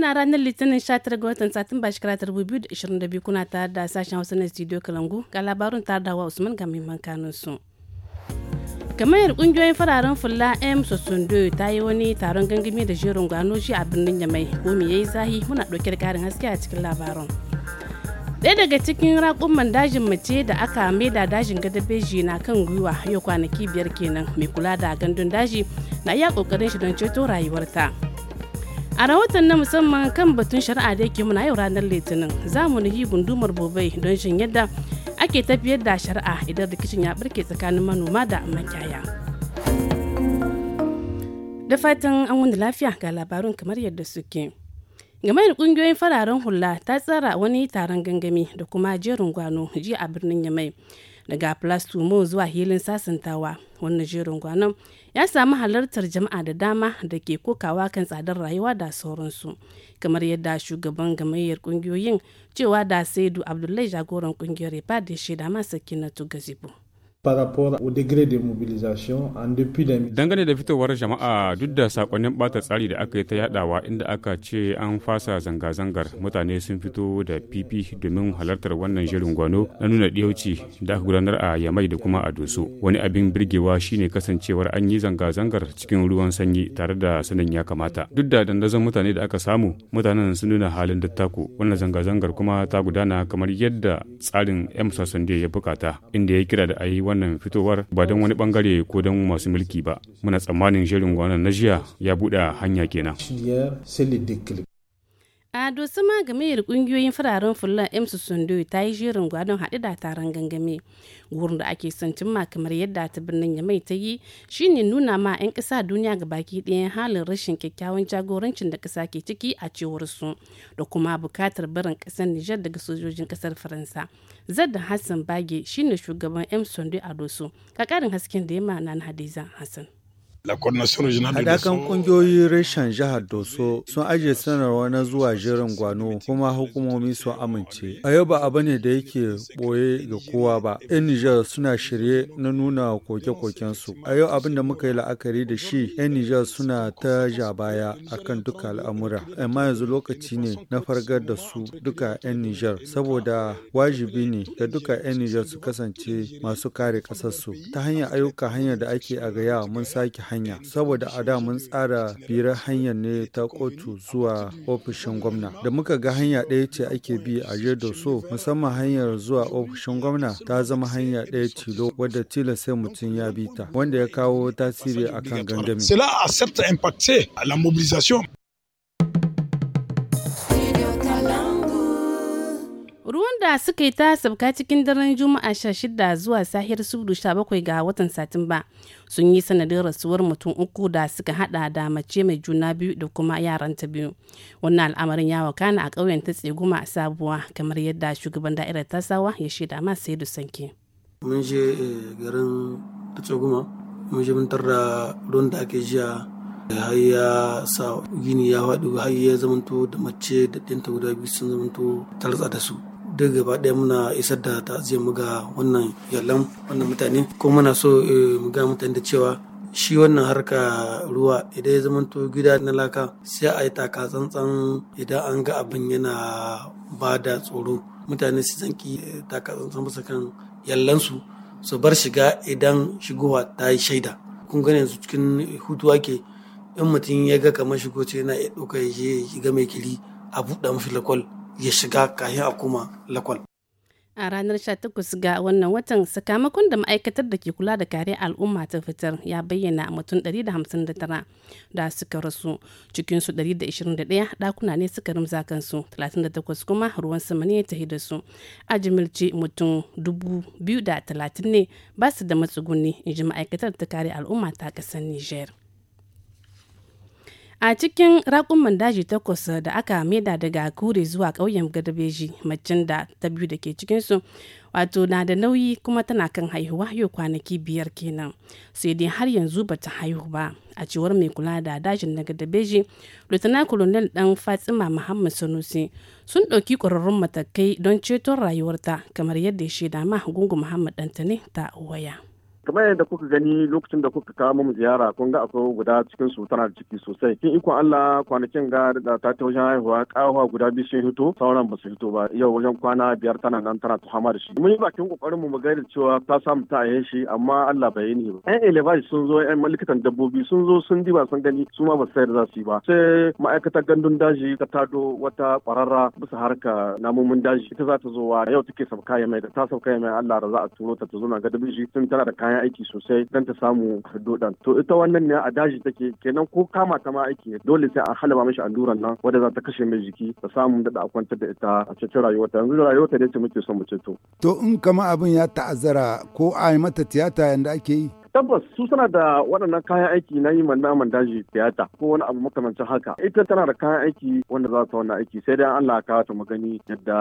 muna ranar litinin 19 ga watan satumba shekara 2022 kuna tare da sashen hausa na studio kalangu ga labarin tare da usman ga muhimman kanun su gamayyar kungiyoyin fararen fulla m sosundo ta yi wani taron gangami da jerin gwano shi a birnin yamai gomi ya yi zahi muna ɗauke da karin haske a cikin labarin ɗaya daga cikin raƙumman dajin mace da aka maida dajin gadabeji na kan gwiwa yau kwanaki biyar kenan mai kula da gandun daji na iya ƙoƙarin shi don ceto rayuwarta. a rahoton na musamman kan batun shari'a da yake muna yau ranar litinin za mu nuhi gundumar bobai don shin yadda ake tafiyar da shari'a idan rikicin ya barke tsakanin manoma da makiyaya da fatan an wani lafiya ga labarun kamar yadda suke game da kungiyoyin fararen hula ta tsara wani taron gangami da kuma jerin gwano jiya a birnin yamai daga Place zuwa hilin sasantawa wannan jerin gwanon ya samu halartar jama'a da dama da ke kokawa kan tsadar rayuwa da sauransu kamar yadda shugaban gamayyar kungiyoyin cewa da saidu abdullahi jagoran kungiyar ya da shaida masa kinatu gazibu. par rapport au degré de mobilisation en dépit de... Dangane da fitowar jama'a duk da sakonnin bata tsari da aka yi ta yadawa inda aka ce an fasa zanga-zangar mutane sun fito da pipi domin halartar wannan shirin gwano na nuna diyauci da aka gudanar a Yamai da kuma a Doso. Wani abin birgewa shine kasancewar an yi zanga-zangar cikin ruwan sanyi tare da sanin ya kamata. Duk da dandazon mutane da aka samu mutanen sun nuna halin dattako wannan zanga-zangar kuma ta gudana kamar yadda tsarin M. Sasande ya bukata inda ya kira da a yi wannan fitowar ba don wani bangare ko don masu mulki ba muna tsammanin shirin wannan na jiya ya buɗe hanya kenan a dosu ma da kungiyoyin fararen fulan emsu sundu ta yi jerin gwadon haɗe da taron gangame wurin da ake son cimma kamar yadda ta birnin yamai ta yi shine nuna ma 'yan ƙasa duniya ga baki ɗayan halin rashin kyakkyawan jagorancin da ƙasa ke ciki a cewar su da kuma bukatar barin ƙasar nijar daga sojojin ƙasar faransa zadda hassan bage shine shugaban emsu sundu a dosu ka ƙarin hasken da ya ma nan hadiza hassan Haɗakan ƙungiyoyin reshen jihar Doso sun ajiye sanarwa na zuwa jerin gwano kuma hukumomi sun amince. A yau ba abu ne da yake ɓoye ga kowa ba. 'Yan Nijar suna shirye na nuna koke-kokensu. A yau abin da muka yi la'akari da shi 'yan Nijar suna ta ja baya akan duka al'amura. Amma yanzu lokaci ne na fargar da su duka 'yan Nijar saboda wajibi ne da duka 'yan Nijar su kasance masu kare ƙasarsu. Ta hanyar ayyuka hanyar da ake a gaya mun sake hanya saboda a da mun tsara birar hanyar ne ta kotu zuwa ofishin gwamna da muka ga hanya ɗaya ce ake bi a so musamman hanyar zuwa ofishin gwamna ta zama hanya ɗaya tilo wadda tilo sai mutum ya bi ta wanda ya kawo tasiri akan gangami. ruwan da suka yi ta sabka cikin daren juma'a 16 zuwa sahiyar subdu 17 ga watan satumba sun yi sanadin rasuwar mutum uku da suka hada da mace mai juna biyu da kuma yaranta biyu wannan al'amarin ya wakana a ƙauyen ta tseguma a sabuwa kamar yadda shugaban da'irar tasawa ya shaida ma sai sanke mun je eh, garin ta tseguma mun je mun tarda ruwan da ake jiya eh, har ya sa gini ya faɗi har ya zamanto da mace da ɗinta guda biyu sun zamanto talatsa da su duk gaba ɗaya muna isar da ta'aziyar mu ga wannan yallan wannan mutane ko muna so eh, mu ga mutane da cewa shi wannan harka ruwa idan ya to gida na laka sai a yi taka tsantsan idan an ga abin yana ba da tsoro mutane su zanki eh, taka tsantsan bisa kan yallansu su bar shiga idan shigowa ta yi shaida kun gane yanzu cikin hutu ake in mutum ya ga kamar shigo ce yana iya ɗauka ya shiga mai kiri a buɗe mafi lakwal ya shiga kayan a kuma lakwal. a ranar 18 ga wannan watan sakamakon da ma'aikatar da ke kula da kare al'umma ta fitar ya bayyana mutum 159 da suka rasu cikinsu 121 dakuna ne suka rumza kansu 38 kuma ruwan sama ne ta da su a jimilci mutum 230 ne ba su da matsuguni in ji ma'aikatar ta kare al'umma ta kasar niger a cikin raƙuman daji takwas da aka maida daga kure zuwa ƙauyen garbeji macen da ta biyu da ke cikinsu wato na da nauyi kuma tana kan haihuwa yau kwanaki biyar kenan sai dai har yanzu ba ta haihu ba a cewar mai kula da dajin na gadabeji lieutenant colonel dan fatima muhammad sanusi sun ɗauki ƙwararrun matakai don ceton rayuwarta kamar yadda ya shaida ma gungu muhammad dantane ta waya kamar yadda kuka gani lokacin da kuka kawo mu ziyara kun ga akwai guda cikin su tana ciki sosai kin ikon Allah kwanakin ga da ta ta wajen haihuwa kawo guda biyu sun hito sauran ba su hito ba yau wajen kwana biyar tana nan tana hama da shi mun yi bakin kokarin mu mu da cewa ta samu ta yi shi amma Allah bai yi ni ba ɗan elevage sun zo ɗan malikatan dabbobi sun zo sun diba sun gani su ma ba su sayar za su ba sai ma'aikatar gandun daji ta tado wata kwararra bisa harka namomin daji ita za ta zo wa yau take sabka ya mai da ta sabka ya mai Allah da za a turo ta ta zo na ga dabbobi sun tana da kayan aiki sosai don ta samu dodan to ita wannan ne a daji take kenan ko kama ta ma aiki dole sai a halaba mishi alluran nan wanda za ta kashe mai jiki ta samu da a kwantar da ita a cikin rayuwarta yanzu rayuwarta ne ce muke son mu ceto to in kama abin ya ta'azzara ko a mata tiyata yanda ake yi tabbas su suna da waɗannan kayan aiki na yi naman daji tiyata ko wani abu makamancin haka ita tana da kayan aiki wanda za ta wannan aiki sai dai Allah ya kawo ta magani yadda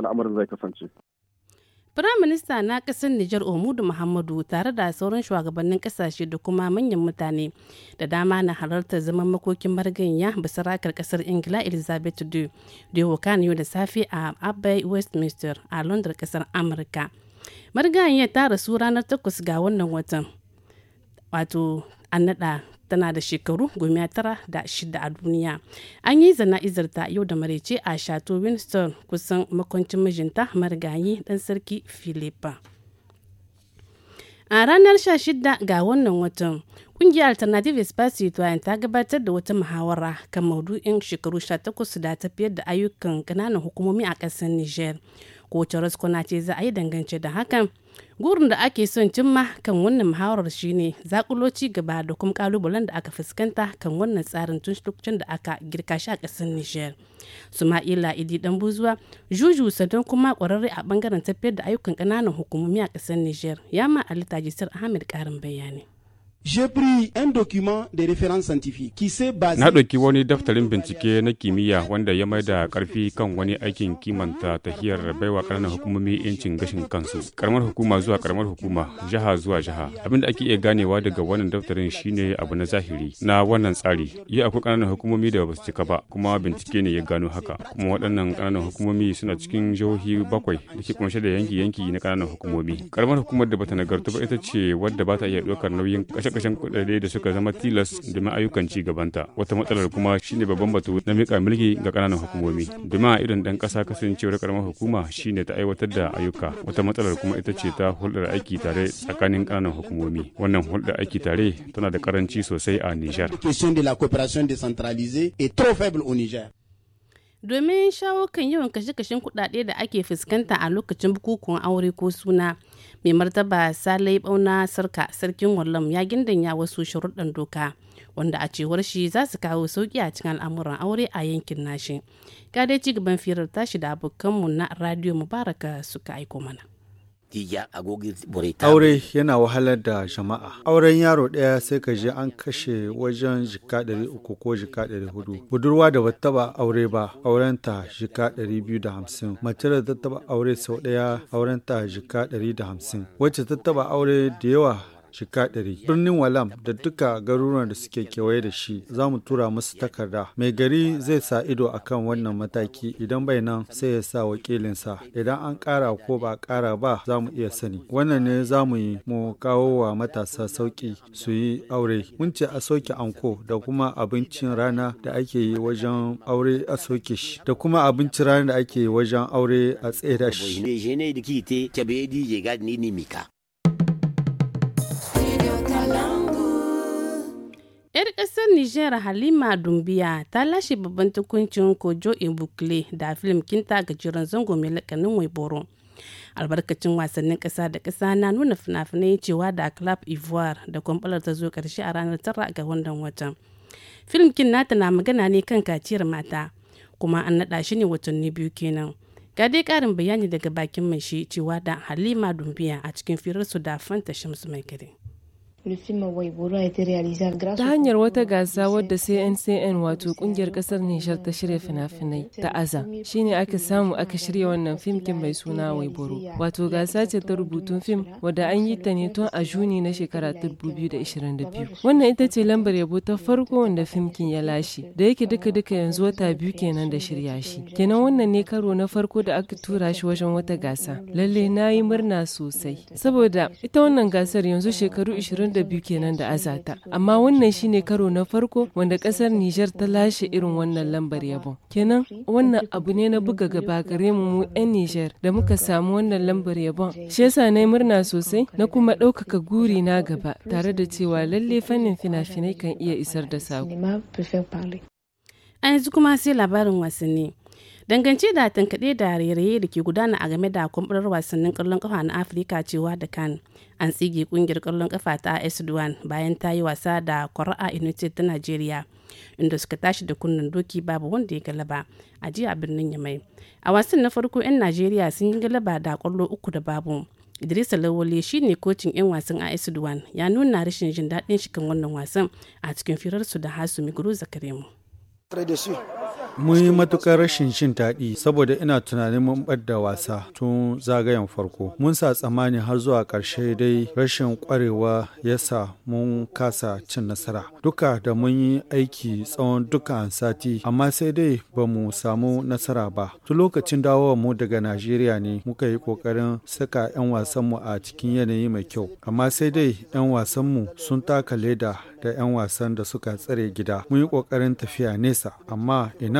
al'amarin zai kasance Firaminista na ƙasar Nijar Omudu Muhammadu tare da sauran shugabannin ƙasashe da kuma manyan mutane da dama na halartar zaman makokin marganya basarakar ƙasar Ingila Elizabeth II da yau yau da safe a Abbey Westminster a London ƙasar Amurka. Marganya ta rasu ranar takwas ga wannan watan. Wato an naɗa tana da shekaru goma tara da shida a duniya an yi zana izarta yau da maraice a chateau winston kusan makwancin mijinta marigayi dan sarki philippa a ranar 16 ga wannan watan kungiyar alternative espace citoyen ta gabatar da wata muhawara kan maudu'in shekaru 18 da tafiyar da ayyukan ƙananan hukumomi a ƙasar niger ko ce za a yi dangance da hakan gurin da ake son cimma kan wannan muhawarar shine zakulo ci gaba da kuma kalubalen da aka fuskanta kan wannan tsarin tun da aka girka shi a kasar Nijar. suma'ila idi dan buzuwa juju sadan kuma ƙwararre a bangaren tafiyar da ayyukan ƙananan hukumomi a ƙasar niger ya ma ali tajisir ahmed ƙarin bayani Na ɗauki wani daftarin bincike na kimiyya wanda ya mai da ƙarfi kan wani aikin kimanta tahiyar baiwa ƙananan hukumomi 'yancin gashin kansu. karamar hukuma zuwa karamar hukuma, jiha zuwa jiha. Abin da ake iya ganewa daga wannan daftarin shine abu na zahiri na wannan tsari. Yi akwai ƙananan hukumomi da ba su cika ba, kuma bincike ne ya gano haka. Kuma waɗannan ƙananan hukumomi suna cikin jihohi bakwai da ke kunshe da yanki-yanki na ƙananan hukumomi. Ƙaramar hukumar da bata nagartu ba ita ce wadda ba ta iya ɗaukar nauyin ƙasar kashe-kashen kudade da suka zama tilas domin ayyukan ci gabanta wata matsalar kuma shine babban batu na mika mulki ga kananan hukumomi domin a idan dan ƙasa kasancewar karamar hukuma shine ta aiwatar da ayyuka wata matsalar kuma ita ce ta hulɗar aiki tare tsakanin kananan hukumomi wannan hulɗar aiki tare tana da karanci sosai a Nijar. domin shawo kan yawan kashe-kashen kuɗaɗe da ake fuskanta a lokacin bukukuwan aure ko suna mai martaba salai bauna sarka sarkin wallam ya gindanya wasu sharuɗan doka wanda a cewar shi za su kawo sauƙi a cikin al'amuran aure a yankin nashi ga dai ci gaban firar tashi da abokanmu na radio mubaraka suka aiko mana Aure yana wahalar da jama'a. Auren yaro ɗaya sai ka je an kashe wajen jika ɗari uku ko jika ɗari hudu. Budurwa da bata taɓa aure ba, aurenta jika ɗari biyu da hamsin. Mace da ta taɓa aure sau ɗaya, aurenta jika ɗari da hamsin. Wacce ta taɓa aure da yawa shika ɗari. Birnin Walam da duka garuruwan da suke kewaye da shi za mu tura musu takarda. Mai gari zai sa ido akan wannan mataki idan bai nan sai ya sa wakilinsa. Idan an kara ko ba ƙara ba za mu iya sani. Wannan ne za mu yi mu kawo wa matasa sauki su yi aure. Mun ce a soke anko da kuma abincin rana da ake yi wajen aure a soke shi da kuma abincin rana da ake yi wajen aure a tsaye da shi. 'Yar ƙasar Nijar Halima Dumbiya ta lashe babban tukuncin Kojo Ibukle da film kinta gajeren zango mai lakanin Waiboro. Albarkacin wasannin kasa da kasa na nuna fina-finai cewa da Club Ivoire da kwamfalar ta zo karshe a ranar tara ga wannan watan. Film kin nata na magana ne kan kaciyar mata kuma an naɗa shi ne watanni biyu kenan. Ga dai karin bayani daga bakin mai shi cewa da Halima Dumbiya a cikin firar su da Fanta Shamsu Mai Gari. Ta hanyar wata gasa wadda CNCN wato kungiyar kasar Nishar ta shirya fina-finai ta Aza, shine aka samu aka shirya wannan fim kin mai suna Waiboro. Wato gasa ce ta rubutun fim wadda an yi ta ne tun a Juni na shekara 2022. Wannan ita ce lambar yabo ta farko wanda fim kin ya lashe, da yake duka duka yanzu wata biyu kenan da shirya shi. Kenan wannan ne karo na farko da aka tura shi wajen wata gasa. Lalle na yi murna sosai, saboda ita wannan gasar yanzu shekaru 20 22 kenan da azata amma wannan shine karo na farko wanda kasar Nijar ta lashe irin wannan lambar yabon kenan wannan abu ne na buga gaba gare mu mu yan Nijar da muka samu wannan lambar yabon shi yasa na murna sosai na kuma ɗaukaka guri na gaba tare da cewa lalle fannin fina-finai kan iya isar da sako a yanzu kuma sai labarin wasanni dangance da tankaɗe da rairaye da ke gudana a game da kwamfurar wasannin ƙwallon ƙafa na afirka cewa da kan an tsige ƙungiyar ƙwallon ƙafa ta as duwan bayan ta yi wasa da kwara'a united ta nigeria inda suka tashi da kunnen doki babu wanda ya galaba a jiya birnin yamai a wasan na farko 'yan najeriya sun yi galaba da ƙwallo uku da babu idrisa lawole shine kocin 'yan wasan as duwan ya nuna rashin jin daɗin kan wannan wasan a cikin firarsu da hasumi guru zakaremu Mun yi matuƙar rashin shin taɗi saboda ina tunanin mun ɓadda wasa tun zagayen farko. Mun sa tsammani har zuwa ƙarshe dai rashin ƙwarewa ya sa mun kasa cin nasara. Duka da mun yi aiki tsawon duka sati amma sai dai ba mu samu nasara ba. Tun lokacin dawowar mu daga Najeriya ne muka yi ƙoƙarin saka 'yan wasanmu a cikin yanayi mai kyau. Amma sai dai 'yan wasanmu sun taka leda da 'yan wasan da suka tsare gida. Mun yi ƙoƙarin tafiya nesa amma ina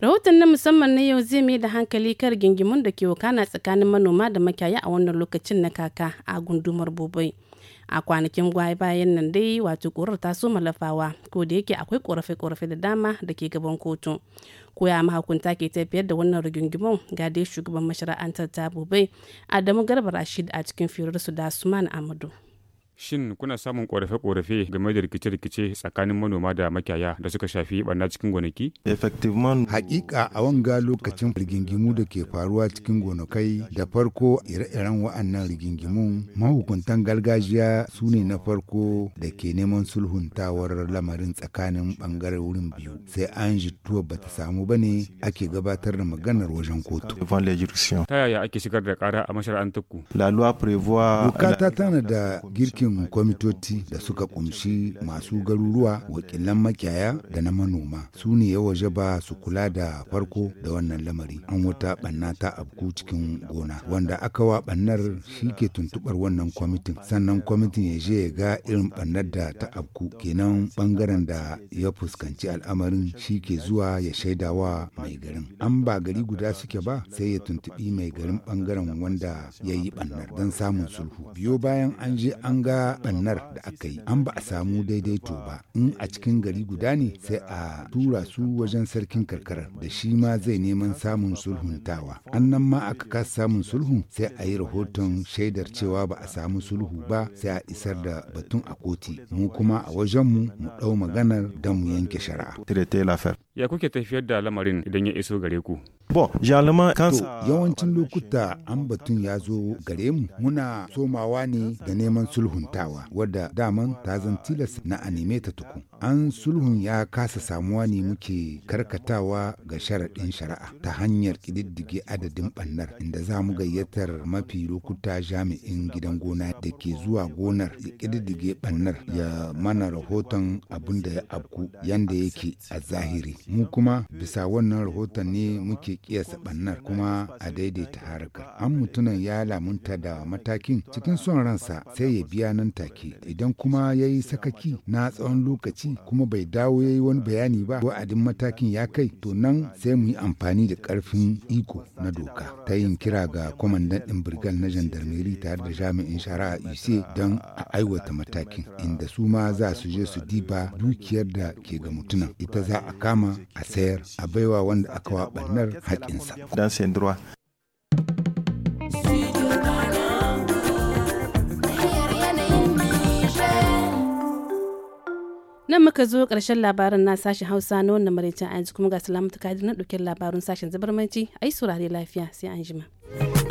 rahoton na musamman na yau zai mai da hankali kan gingimun da ke wakana tsakanin manoma da makiyaya a wannan lokacin na kaka a gundumar bobai a kwanakin gwai bayan nan dai wato korar ta so malafawa ko da yake akwai korafe-korafe da dama da ke gaban kotu koya mahakunta ke tafiyar da wannan rigingimun ga dai shugaban mashara'antar ta bobai adamu garba rashid a cikin firarsu da suman amadu Shin kuna samun ƙorafe korafe game da rikice-rikice tsakanin manoma da makiyaya da suka shafi barna cikin gonaki? Hakika a wanga lokacin rigingimu da ke faruwa cikin gonakai da farko ire-iren wa'annan rigingimu mahukuntan gargajiya su ne na farko da ke neman sulhuntawar lamarin tsakanin wurin biyu sai an jituwa ba ta samu ba ne ake gabatar da maganar wajen kotu. Ta yaya ake shigar da kara a mashara'antar ku? Bukata tana da girkin nufin kwamitoci da suka kumshi masu garuruwa wakilan makiyaya da na manoma su ne ya waje ba su kula da farko da wannan lamari an wata banna ta abku cikin gona wanda aka wa bannar shi ke tuntubar wannan kwamitin sannan kwamitin ya je ya ga irin bannar da ta abku kenan bangaren da ya fuskanci al'amarin shi ke zuwa ya shaidawa mai garin an ba gari guda suke ba sai ya tuntubi mai garin bangaren wanda ya yi bannar don samun sulhu biyo bayan an je an ga bannar da aka yi an ba a samu daidaito ba in a cikin gari guda ne sai a tura su wajen sarkin karkarar da shi ma zai neman samun sulhuntawa an nan ma aka kasa samun sulhun sai a yi rahoton shaidar cewa ba a samu sulhu ba sai a isar da batun a koti mu kuma a wajenmu mu ɗau maganar don mu yanke shari'a. Ya kuke tafiyar da lamarin idan ya iso gare ku? Bon, jalama sa. Yawancin lokuta an batun ya zo gare mu muna somawa ne da neman sulhuntawa wadda daman ta zan tilas na a neme ta tuku. An sulhun ya kasa samuwa ne muke karkatawa ga sharaɗin shari'a ta hanyar ƙididdige adadin ɓannar inda za mu gayyatar mafi lokuta jami'in gidan gona da ke zuwa gonar ya ƙididdige ɓannar ya mana rahoton abin da ya abku yanda yake a zahiri. Mu kuma bisa wannan rahoton ne muke kiyasa bannar kuma a daidaita harkar an mutunan ya lamunta da matakin cikin son ransa sai ya biya nan take idan kuma ya yi sakaki na tsawon lokaci kuma bai dawo ya yi wani bayani ba wa'adin matakin ya kai to nan sai mu yi amfani da ƙarfin iko na doka ta yin kira ga kwamandan ɗin birgal na jandarmeri tare da jami'in shari'a ise don a aiwata matakin inda su ma za su je su diba dukiyar da ke ga mutunan ita za a kama a sayar a baiwa wanda aka wa haƙƙinsa. Dan nan muka zo ƙarshen labarin na sashen hausa na wannan maraicin a yanzu kuma ga salamatu kadir na ɗauke labarun sashen zabarmanci a yi saurare lafiya sai an jima.